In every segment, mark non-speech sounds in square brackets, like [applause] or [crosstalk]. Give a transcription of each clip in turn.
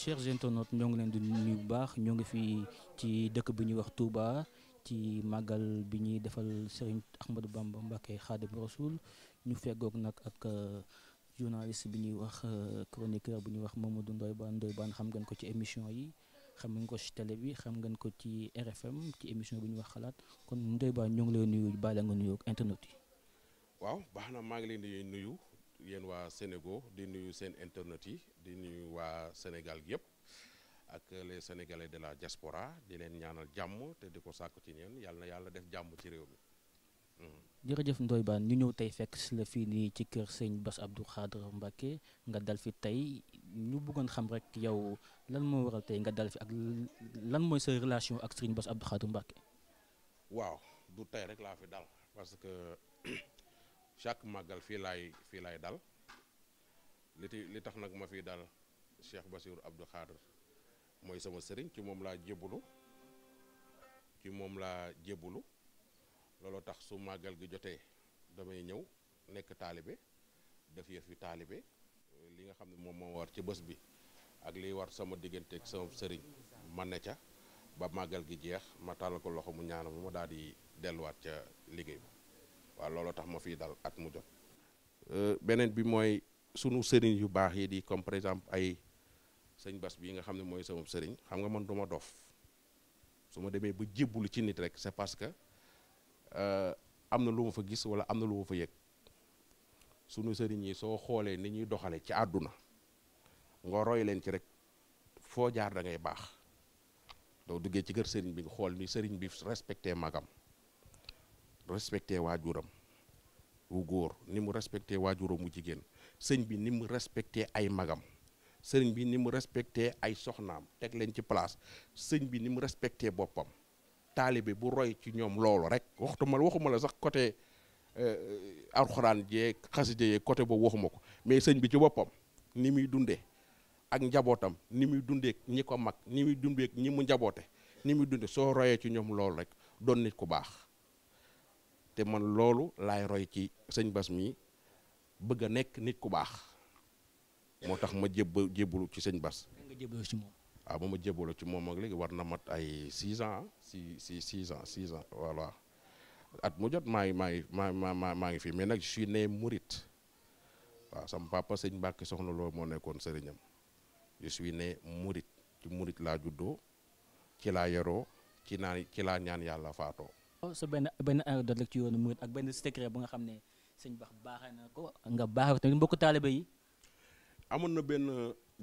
chers internautes ñoo ngi leen di nuyu bu baax ñoo ngi fii ci dëkk bi ñuy wax Touba ci màggal bi ñuy defal Serigne Ahmadou Bamba Mbacké Khadim Rasoul ñu feggoog nag ak euh, journaliste bi ñuy wax euh, chroniqueur bu ñuy wax Mamadou Ndoye Bane Ndoye Bane xam ngeen ko ci émission yi xam ngeen ko ci télé bi xam ngeen ko ci RFM ci émission bi ñuy wax xalaat kon Ndoye Bane ñoo ngi lay nuyu bàyyi la nga nuyu ak internet yi. waaw baax na maa leen di nuyu. yéen waa Sénégal di nuyu seen internet yi di nuyu waa Sénégal gi yëpp ak les sénégalais de la diaspora di leen ñaanal jàmm te di ko sàkku ci ñeen yàlla na yàlla def jàmm ci réew mi. Hmm. jërëjëf Ndoye Bane ñu ñëw tey fekk si la fii nii ci kër sëñ Bass Abdou Khadre Mbacké nga dal fi tey ñu bëggoon xam rek yow lan moo waral tey nga dal fi ak lan mooy sa relation ak sëñ bas Abdou Khadre Mbacké. waaw du tey rek laa fi dal parce que. [clears throat] chaque màggal fii laay fii laay dal li ti li tax nag ma fi dal Cheikh Bassirou Abdou Khadr mooy sama sëriñ ci moom laa jébbalu ci moom laa jébbalu looloo tax su màggal gi jotee damay ñëw nekk taalibe def yëf yu taalibe li nga xam ne moom moo war ci bës bi ak liy war sama diggante ak sama sëriñ man na ca ba màggal gi jeex ma tàll ko loxo mu ñaanal ma daal di delluwaat ca liggéey bi waaw looloo tax ma fiy dal at mu jot euh, beneen bi mooy sunu sëriñ yu baax yi di comme par exemple ay sëñ bas bii nga xam ne mooy sama sëriñ xam nga man du ma dof su ma demee ba jébbalu ci nit rek c'est parce que euh, am na lu ma fa gis wala am na lu ma fa yëg sunu sëriñ yi soo xoolee ni ñuy doxale ci àdduna nga roy leen ci rek foo jaar dangay baax doo duggee ci kër sëriñ bi nga xool ni sëriñ bi respecté magam respecté waajuram wu góor ni mu respecté waajuram wu jigéen sëñ bi ni mu respecté ay magam sëñ bi ni mu respecté ay soxnaam teg leen ci place sëñ bi ni mu respecté boppam taalibe bu roy ci ñoom loolu rek waxtu ma waxuma la sax côté euh, alxuraan jeeg xasida yeeg côté boobu waxuma ko mais sëñ bi ci boppam ni muy dundee ak njabootam ni muy dundee ñi ko mag ni muy dundee ñi mu njaboote ni muy dundee soo royee ci ñoom loolu rek doon nit ku baax te man loolu laay roy ci sëñ bas mi bëgg a nekk nit ku baax moo tax ma jébb jébbalu ci sëñ Bass. nga jébbaloo moom. waaw ma jébbaloo ci moom ak léegi war na mat ay 6 ans si si 6 ans voilà at mu jot maa ngi maa maa ngi fi mais nag je suis né Mouride sama papa sëñ Mbacke soxna loo moo nekkoon sëriñam je suis né Mouride ci Mouride laa juddoo ci laa yaroo ci naan ci laa ñaan yàlla faatoo. Oh, sa benn benn anecdote rek ci yoonu ak benn secret bu nga xam ne sëñ Bax baaxee na ko nga baaxee ko tamit mbokku taalibe yi. amoon na benn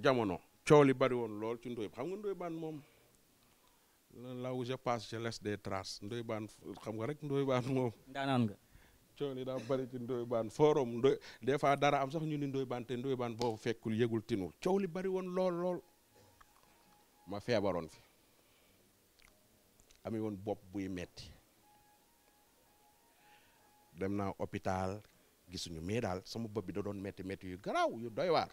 jamono coow li bari woon lool ci Ndoye xam nga Ndoye Bane moom là où des traces Ndoye Bane nga rek Ndoye Bane moom. ndaanaan nga. coow li daa bari ci Ndoye Bane forum des fois dara am sax ñu ni Ndoye Bane te Ndoye Bane boo fekkul yëgul tinul coow li bari woon lool lool ma feebaroon fi ami woon bopp buy metti dem naa hôpital gisuñu mais daal sama bopp bi da doon métti métti yu garaaw yu doy waar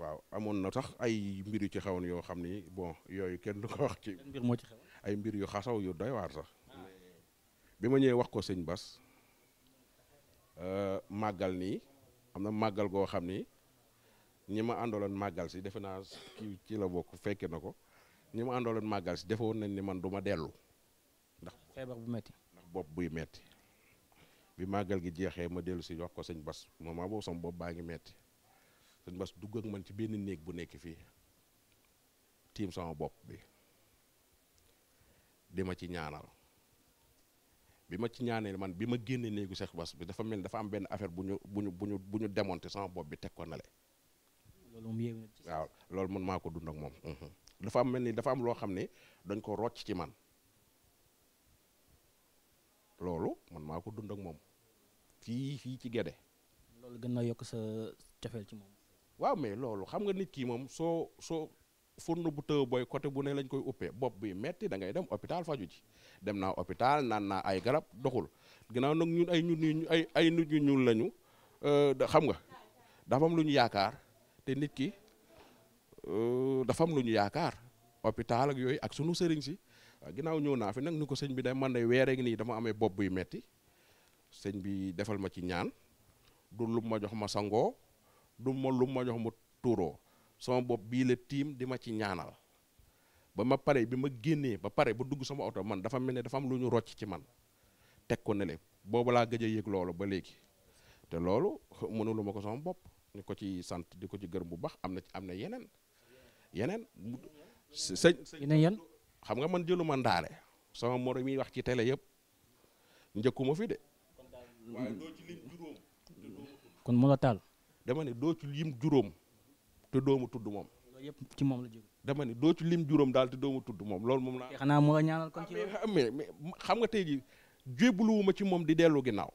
waaw amoon na sax ay mbir yu ci xewoon yoo xam ni bon yooyu kenn du ko wax ci. mbir moo ci xewoon ay mbir yu xasaw yu doy waar sax. bi ma ñëwee wax ko sëñ Bas euh, màggal nii am na màggal goo xam ni ñi ma àndaloon màggal si defe naa kii ci la bokk fekke na ko ñi ma àndaloon màggal si defoon nañ ni man duma dellu ndax. bopp buy metti bi màggal gi jeexee ma dellu si wax ko sëñ bas moment boobu sama bopp baa ngi metti sëñ bas dugg ak man ci benn néeg bu nekk fii tiim sama bopp bi di ma ci ñaanal bi ma ci ñaanee man bi ma génnee néegu Seex Bas bi dafa mel dafa am benn affaire bu ñu bu ñu bu ñu bu ñu bopp bi teg ko nale waaw loolu man maa ko dund ak mhm. ni dafa am loo xam ne dañ ko rocc ci man maa ko dund ak moom fii fii ci Guédé. loolu gën na yokk sa cofeel ci moom. waaw mais loolu xam nga nit ki moom soo soo furnu bu tëw booy côté bu ne lañ koy uppee bopp bi metti da ngay dem hôpital faju ji dem naa hôpital naan naa ay garab doxul ginnaaw nag ñun ay ñun ay ay nit ñu ñuul lañu euh, xam nga dafa lu ñu yaakaar te nit ki euh, dafa am lu ñu yaakaar hôpital ak yooyu ak sunu sëriñ si ginnaaw ñëw naa fi nag nu ko sëñ bi day man de weeree nii dama amee bopp buy metti sëñ bi defal ma ci ñaan du lum ma jox ma sangoo du ma lum ma jox ma tuuroo sama bopp bii la tiim di ma ci ñaanal ba ma pare bi ma génnee ba pare ba dugg sama oto man dafa mel ni dafa am lu ñu rocc ci man teg ko ne le boobu laa gëj a loolu ba léegi te loolu mënulu ma ko sama bopp ni ko ci sant di ko ci gërëm bu baax am na am na yeneen yeneen sëñ yeneen xam nga man jëlu ma ndaare sama morom yi wax ci télé yëpp njëkkuma fi de waaye doo ci kon moo la taal. dama ne doo ci lim juróom te doo tudd moom. yëpp ci moom la dama ne doo lim juróom daal te doo tudd moom loolu moom. te xanaa moo la ñaanal kon ci ah, mais mais nga tey jii jébbaluwuma ci moom di dellu ginnaaw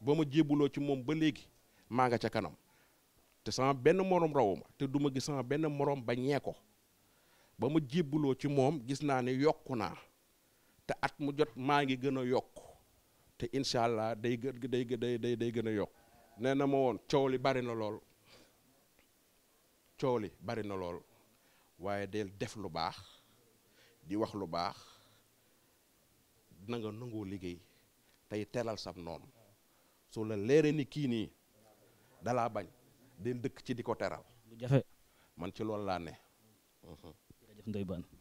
ba ma jébbaloo ci moom ba léegi maa nga ca kanam te sama benn morom rawuma te du ma gis sama benn morom ba ba ma jébbaloo ci moom gis naa ne yokku naa te at mu jot maa ngi gën a yokk. te incha allah day gë day day day gën a yokk nee na ma woon coow li bari na lool coow li bari na lool waaye del def lu baax di wax lu baax nanga nga liggéey tey teelal sam noonu su la leeree ni kii nii dalaa bañ del dëkk ci di ko teral. lu jafe man ci loolu laa ne. Mhm. jërëjëf Ndoye